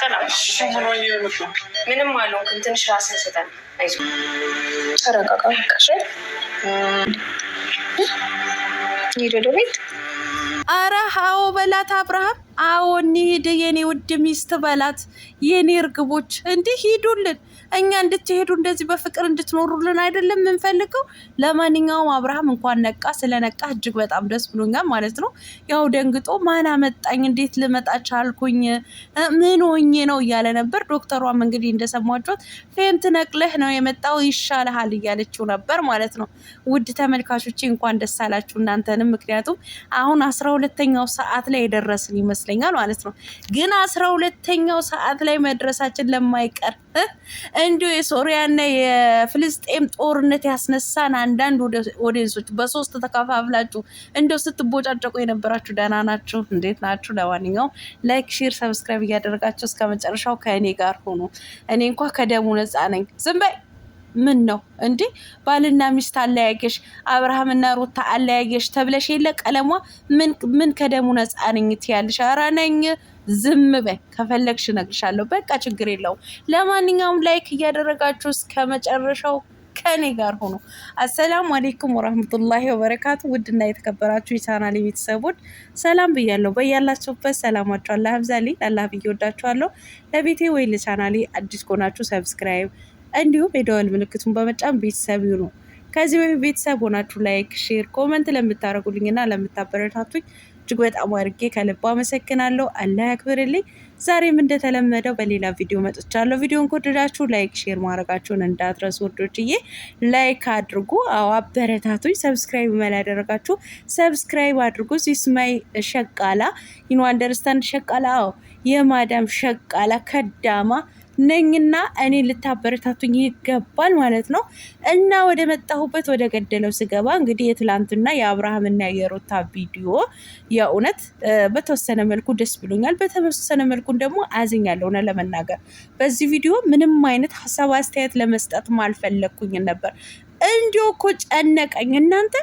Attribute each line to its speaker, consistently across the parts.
Speaker 1: ሰላም ምንም አልሆንኩም። ትንሽ ራስን ስጠን፣ ተረጋጋ። ሄደ ቤት።
Speaker 2: አረ አዎ በላት አብርሃም አዎ እንሂድ የኔ ውድ ሚስት በላት። የኔ እርግቦች እንዲህ ሂዱልን፣ እኛ እንድትሄዱ እንደዚህ በፍቅር እንድትኖሩልን አይደለም የምንፈልገው። ለማንኛውም አብርሃም እንኳን ነቃ። ስለነቃ እጅግ በጣም ደስ ብሎኛል ማለት ነው። ያው ደንግጦ ማን አመጣኝ፣ እንዴት ልመጣ ቻልኩኝ፣ ምን ሆኜ ነው እያለ ነበር። ዶክተሯም እንግዲህ እንደሰማችሁት ፌንት ነቅለህ ነው የመጣው ይሻልሃል እያለችው ነበር ማለት ነው። ውድ ተመልካቾቼ እንኳን ደስ አላችሁ እናንተንም፣ ምክንያቱም አሁን አስራ ሁለተኛው ሰዓት ላይ የደረስን ይመስላል ይመስለኛል ማለት ነው። ግን አስራ ሁለተኛው ሰዓት ላይ መድረሳችን ለማይቀር እንዲሁ የሶሪያና የፍልስጤም ጦርነት ያስነሳን አንዳንድ ኦዲንሶች በሶስት ተከፋፍላችሁ እንደው ስትቦጫጨቁ የነበራችሁ ደህና ናችሁ? እንዴት ናችሁ? ለማንኛውም ላይክ፣ ሼር፣ ሰብስክራይብ እያደረጋችሁ እስከ መጨረሻው ከእኔ ጋር ሆኑ። እኔ እንኳ ከደሙ ነፃ ነኝ። ዝም በይ ምን ነው እንዴ? ባልና ሚስት አለያየሽ፣ አብርሃምና ሩታ አለያየሽ ተብለሽ የለ ቀለሟ ምን ከደሙ ነፃ ነኝ ትያለሽ? ኧረ ነኝ። ዝም በይ ከፈለግሽ እነግርሻለሁ። በቃ ችግር የለውም። ለማንኛውም ላይክ እያደረጋችሁ እስከ መጨረሻው ከኔ ጋር ሆኖ አሰላሙ አሌይኩም ወራህመቱላሂ ወበረካቱ። ውድና የተከበራችሁ የቻናል ቤተሰቦች ሰላም ብያለሁ። በያላችሁበት ሰላማችሁ አላህ ብዛልኝ። አላህ ብዬ ወዳችኋለሁ። ለቤቴ ወይ ለቻናሌ አዲስ ከሆናችሁ ሰብስክራይብ እንዲሁም የደወል ምልክቱን በመጫን ቤተሰብ ይሁኑ። ከዚህ በፊት ቤተሰብ ሆናችሁ ላይክ፣ ሼር፣ ኮመንት እና ለምታበረታቱኝ እጅግ በጣም አድርጌ ከልብ አመሰግናለሁ። አላህ ያክብርልኝ። ዛሬም እንደተለመደው በሌላ ቪዲዮ መጥቻለሁ። ቪዲዮን ከወደዳችሁ ላይክ፣ ሼር ማድረጋችሁን እንዳትረሱ። ወዶችዬ ላይክ አድርጉ። አዎ አበረታቱኝ። ሰብስክራይብ ያደረጋችሁ ሰብስክራይብ አድርጉ። ሲስማይ ሸቃላ ዩኖ አንደርስታንድ ሸቃላ። አዎ የማዳም ሸቃላ ከዳማ ነኝና እኔ ልታበረታቱኝ ይገባል ማለት ነው። እና ወደ መጣሁበት ወደ ገደለው ስገባ እንግዲህ የትላንትና የአብርሃምና የሩታ ቪዲዮ የእውነት በተወሰነ መልኩ ደስ ብሎኛል፣ በተወሰነ መልኩን ደግሞ አዝኛለሁ። እውነት ለመናገር በዚህ ቪዲዮ ምንም አይነት ሀሳብ አስተያየት ለመስጠት አልፈለግኩኝም ነበር እንዲሁ እኮ ጨነቀኝ እናንተ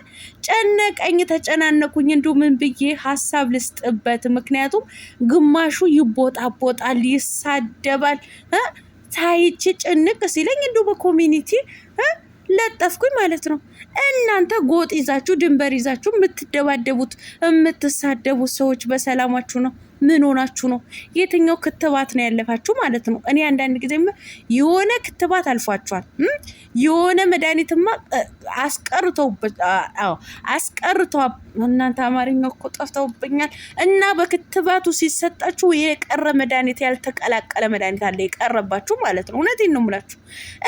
Speaker 2: ጨነቀኝ፣ ተጨናነኩኝ። እንዲሁ ምን ብዬ ሀሳብ ልስጥበት? ምክንያቱም ግማሹ ይቦጣቦጣል፣ ይሳደባል። ታይቼ ጭንቅ ሲለኝ እንዲሁ በኮሚኒቲ ለጠፍኩኝ ማለት ነው። እናንተ ጎጥ ይዛችሁ ድንበር ይዛችሁ የምትደባደቡት የምትሳደቡት ሰዎች በሰላማችሁ ነው። ምን ሆናችሁ ነው? የትኛው ክትባት ነው ያለፋችሁ ማለት ነው? እኔ አንዳንድ ጊዜ የሆነ ክትባት አልፏችኋል፣ የሆነ መድኃኒትማ አስቀርተው እናንተ አማርኛው እኮ ጠፍተውብኛል። እና በክትባቱ ሲሰጣችሁ የቀረ መድኃኒት ያልተቀላቀለ መድኃኒት አለ የቀረባችሁ ማለት ነው። እውነቴን ነው የምላችሁ።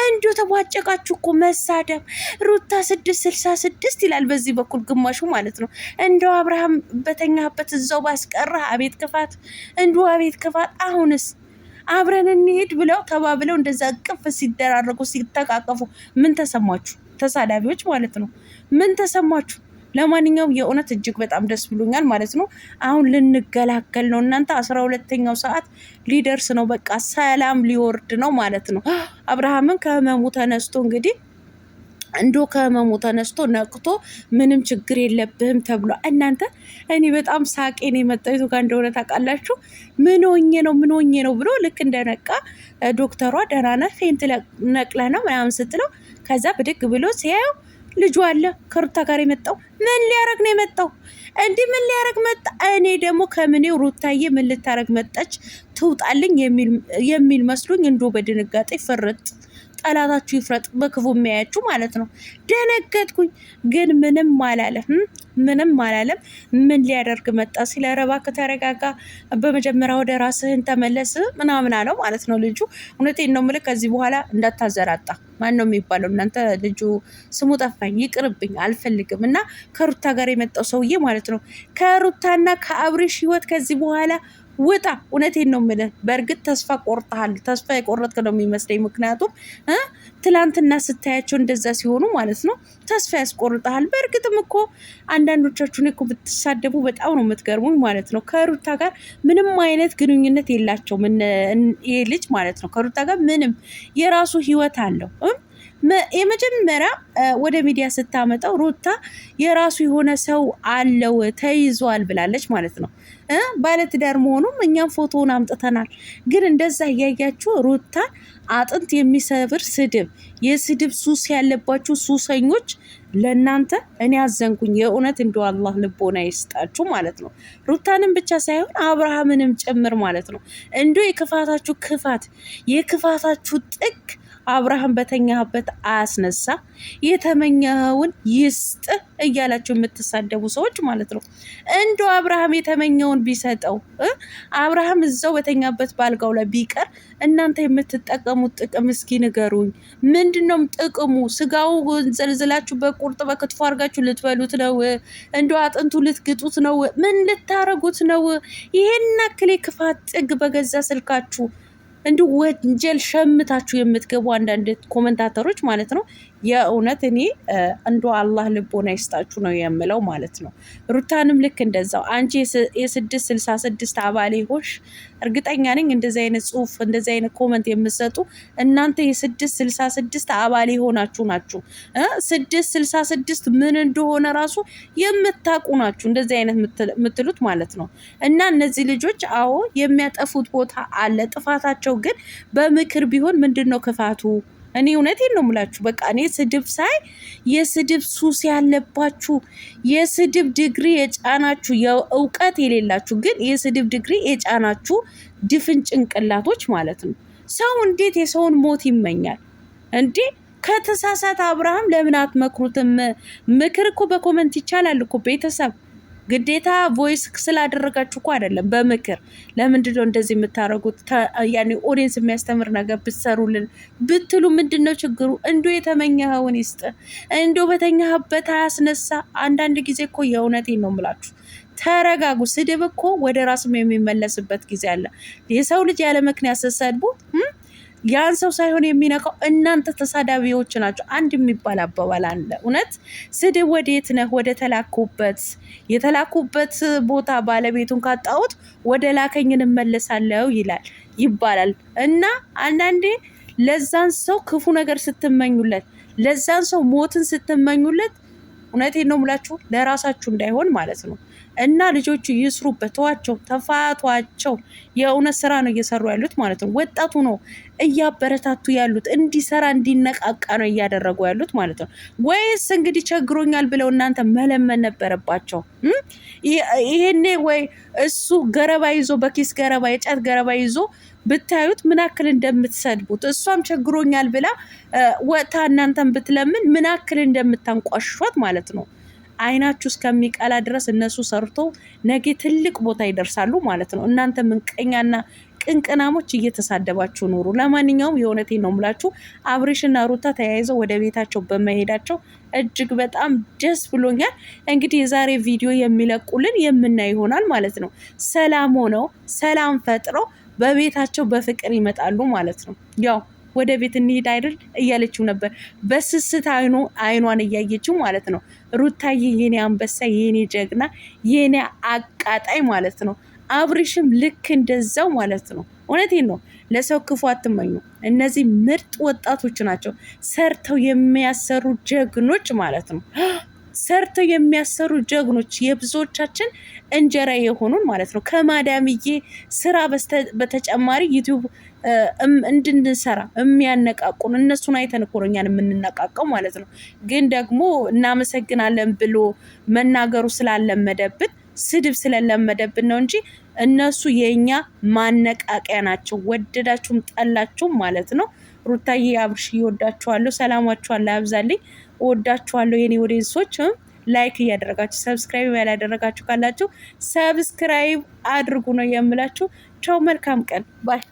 Speaker 2: እንዲሁ ተቧጨቃችሁ እኮ መሳደብ። ሩታ ስድስት ስልሳ ስድስት ይላል በዚህ በኩል ግማሹ ማለት ነው። እንደው አብርሃም በተኛበት እዛው ባስቀረህ አቤት ክፋት ክፋት እንዱ አቤት ክፋት አሁንስ አብረን እንሄድ ብለው ተባብለው እንደዛ ቅፍ ሲደራረጉ ሲተቃቀፉ ምን ተሰማችሁ? ተሳዳቢዎች ማለት ነው። ምን ተሰማችሁ? ለማንኛውም የእውነት እጅግ በጣም ደስ ብሎኛል ማለት ነው። አሁን ልንገላገል ነው እናንተ፣ አስራ ሁለተኛው ሰዓት ሊደርስ ነው። በቃ ሰላም ሊወርድ ነው ማለት ነው። አብርሃምን ከህመሙ ተነስቶ እንግዲህ እንዶ ከህመሙ ተነስቶ ነቅቶ ምንም ችግር የለብህም ተብሎ እናንተ፣ እኔ በጣም ሳቄን የመጣው የቱ ጋር እንደሆነ ታውቃላችሁ? ምን ሆኜ ነው ምን ሆኜ ነው ብሎ ልክ እንደነቃ ዶክተሯ ደህና ነህ ፌንት ነቅለ ነው ምናምን ስትለው፣ ከዛ ብድግ ብሎ ሲያየው ልጁ አለ ከሩታ ጋር የመጣው ምን ሊያረግ ነው የመጣው? እንዲህ ምን ሊያረግ መጣ? እኔ ደግሞ ከምኔው ሩታዬ ምን ልታረግ መጣች? ትውጣልኝ የሚል መስሎኝ እንዶ በድንጋጤ ፍርጥ ጠላታችሁ ይፍረጥ፣ በክፉ የሚያያችሁ ማለት ነው። ደነገጥኩኝ፣ ግን ምንም አላለም፣ ምንም አላለም። ምን ሊያደርግ መጣ ሲል ኧረ እባክህ ተረጋጋ፣ በመጀመሪያ ወደ ራስህን ተመለስ ምናምን አለው ማለት ነው። ልጁ እውነቴን ነው የምልህ፣ ከዚህ በኋላ እንዳታዘራጣ። ማን ነው የሚባለው እናንተ? ልጁ ስሙ ጠፋኝ፣ ይቅርብኝ፣ አልፈልግም። እና ከሩታ ጋር የመጣው ሰውዬ ማለት ነው ከሩታና ከአብሬሽ ህይወት ከዚህ በኋላ ውጣ። እውነቴን ነው የምልህ። በእርግጥ ተስፋ ቆርጠሃል። ተስፋ የቆረጥክ ነው የሚመስለኝ። ምክንያቱም ትላንትና ስታያቸው እንደዛ ሲሆኑ ማለት ነው ተስፋ ያስቆርጠሃል። በእርግጥም እኮ አንዳንዶቻችሁን እኮ ብትሳደቡ በጣም ነው የምትገርሙኝ ማለት ነው። ከሩታ ጋር ምንም አይነት ግንኙነት የላቸውም ይህ ልጅ ማለት ነው። ከሩታ ጋር ምንም የራሱ ህይወት አለው። የመጀመሪያ ወደ ሚዲያ ስታመጣው ሩታ የራሱ የሆነ ሰው አለው ተይዟል ብላለች ማለት ነው። ባለትዳር መሆኑም እኛም ፎቶውን አምጥተናል። ግን እንደዛ እያያችሁ ሩታን አጥንት የሚሰብር ስድብ፣ የስድብ ሱስ ያለባችሁ ሱሰኞች ለእናንተ እኔ አዘንኩኝ። የእውነት እንደ አላህ ልቦና ይስጣችሁ ማለት ነው። ሩታንም ብቻ ሳይሆን አብርሃምንም ጭምር ማለት ነው። እንዲ የክፋታችሁ ክፋት የክፋታችሁ ጥግ አብርሃም በተኛበት አያስነሳ የተመኘውን ይስጥ እያላችሁ የምትሳደቡ ሰዎች ማለት ነው። እንዶ አብርሃም የተመኘውን ቢሰጠው አብርሃም እዛው በተኛበት ባልጋው ላይ ቢቀር እናንተ የምትጠቀሙት ጥቅም እስኪ ንገሩኝ። ምንድነውም ጥቅሙ? ስጋው ዘልዝላችሁ በቁርጥ በክትፎ አድርጋችሁ ልትበሉት ነው? እንዶ አጥንቱ ልትግጡት ነው? ምን ልታረጉት ነው? ይሄን ክሌ ክፋት ጥግ በገዛ ስልካችሁ እንዲሁ ወንጀል ሸምታችሁ የምትገቡ አንዳንድ ኮመንታተሮች ማለት ነው። የእውነት እኔ እንዶ አላህ ልቦና ይስጣችሁ ነው የምለው ማለት ነው። ሩታንም ልክ እንደዛው አንቺ የስድስት ስልሳ ስድስት አባሌ ሆሽ እርግጠኛ ነኝ እንደዚህ አይነት ጽሁፍ እንደዚህ አይነት ኮመንት የምትሰጡ እናንተ የስድስት ስልሳ ስድስት አባል የሆናችሁ ናችሁ። ስድስት ስልሳ ስድስት ምን እንደሆነ ራሱ የምታውቁ ናችሁ። እንደዚህ አይነት የምትሉት ማለት ነው። እና እነዚህ ልጆች አዎ የሚያጠፉት ቦታ አለ። ጥፋታቸው ግን በምክር ቢሆን ምንድን ነው ክፋቱ? እኔ እውነቴን ነው የምላችሁ። በቃ እኔ ስድብ ሳይ የስድብ ሱስ ያለባችሁ፣ የስድብ ድግሪ የጫናችሁ፣ የእውቀት የሌላችሁ ግን የስድብ ድግሪ የጫናችሁ ድፍን ጭንቅላቶች ማለት ነው። ሰው እንዴት የሰውን ሞት ይመኛል እንዴ? ከተሳሳት አብርሃም ለምን አትመክሩትም? ምክር እኮ በኮመንት ይቻላል እኮ ቤተሰብ ግዴታ ቮይስ ስላደረጋችሁ እኮ አይደለም፣ በምክር ለምንድን ነው እንደዚህ የምታደርጉት? ያኔ ኦዲየንስ የሚያስተምር ነገር ብትሰሩልን ብትሉ ምንድን ነው ችግሩ? እንዶ የተመኘኸውን ይስጥ፣ እንዶ በተኛህበት አያስነሳ። አንዳንድ ጊዜ እኮ የእውነቴን ነው የምላችሁ። ተረጋጉ። ስድብ እኮ ወደ ራስም የሚመለስበት ጊዜ አለ። የሰው ልጅ ያለ ምክንያት ስትሰድቡ ያን ሰው ሳይሆን የሚነካው እናንተ ተሳዳቢዎች ናቸው። አንድ የሚባል አባባል አለ። እውነት ስድብ ወዴት ነህ? ወደ ተላኩበት የተላኩበት ቦታ ባለቤቱን ካጣሁት ወደ ላከኝ እንመለሳለሁ ይላል ይባላል። እና አንዳንዴ ለዛን ሰው ክፉ ነገር ስትመኙለት፣ ለዛን ሰው ሞትን ስትመኙለት፣ እውነቴን ነው የምላችሁ ለራሳችሁ እንዳይሆን ማለት ነው እና ልጆቹ ይስሩበት፣ ተዋቸው፣ ተፋቷቸው። የእውነት ስራ ነው እየሰሩ ያሉት ማለት ነው። ወጣቱ ነው እያበረታቱ ያሉት እንዲሰራ እንዲነቃቃ ነው እያደረጉ ያሉት ማለት ነው። ወይስ እንግዲህ ቸግሮኛል ብለው እናንተ መለመን ነበረባቸው? ይሄኔ ወይ እሱ ገረባ ይዞ በኪስ ገረባ የጫት ገረባ ይዞ ብታዩት ምናክል እንደምትሰድቡት፣ እሷም ቸግሮኛል ብላ ወጥታ እናንተን ብትለምን ምናክል እንደምታንቋሿት ማለት ነው። አይናችሁ እስከሚቀላ ድረስ እነሱ ሰርቶ ነገ ትልቅ ቦታ ይደርሳሉ ማለት ነው። እናንተ ምንቀኛና ቅንቅናሞች እየተሳደባችሁ ኑሩ። ለማንኛውም የእውነቴን ነው ምላችሁ አብሬሽና ሩታ ተያይዘው ወደ ቤታቸው በመሄዳቸው እጅግ በጣም ደስ ብሎኛል። እንግዲህ የዛሬ ቪዲዮ የሚለቁልን የምናይ ይሆናል ማለት ነው። ሰላም ሆነው ሰላም ፈጥረው በቤታቸው በፍቅር ይመጣሉ ማለት ነው። ያው ወደ ቤት እንሄድ አይደል እያለችው ነበር፣ በስስት አይኗን እያየችው ማለት ነው። ሩታዬ የኔ አንበሳ የኔ ጀግና የኔ አቃጣይ ማለት ነው። አብሪሽም ልክ እንደዛው ማለት ነው። እውነቴን ነው። ለሰው ክፉ አትመኙ። እነዚህ ምርጥ ወጣቶች ናቸው፣ ሰርተው የሚያሰሩ ጀግኖች ማለት ነው። ሰርተው የሚያሰሩ ጀግኖች የብዙዎቻችን እንጀራ የሆኑን ማለት ነው። ከማዳምዬ ስራ በተጨማሪ ዩቲዩብ እንድንሰራ የሚያነቃቁን እነሱን አይተን እኮ ነው እኛን የምንነቃቀው ማለት ነው። ግን ደግሞ እናመሰግናለን ብሎ መናገሩ ስላለመደብን ስድብ ስለለመደብን ነው እንጂ እነሱ የእኛ ማነቃቂያ ናቸው። ወደዳችሁም ጠላችሁም ማለት ነው። ሩታዬ አብርሽ ይወዳችኋለሁ። ሰላማችኋን ላያብዛልኝ። ወዳችኋለሁ የኔ ወደንሶች ላይክ እያደረጋችሁ ሰብስክራይብ ያላደረጋችሁ ካላችሁ ሰብስክራይብ አድርጉ ነው የምላችሁ። ቻው፣ መልካም ቀን ባይ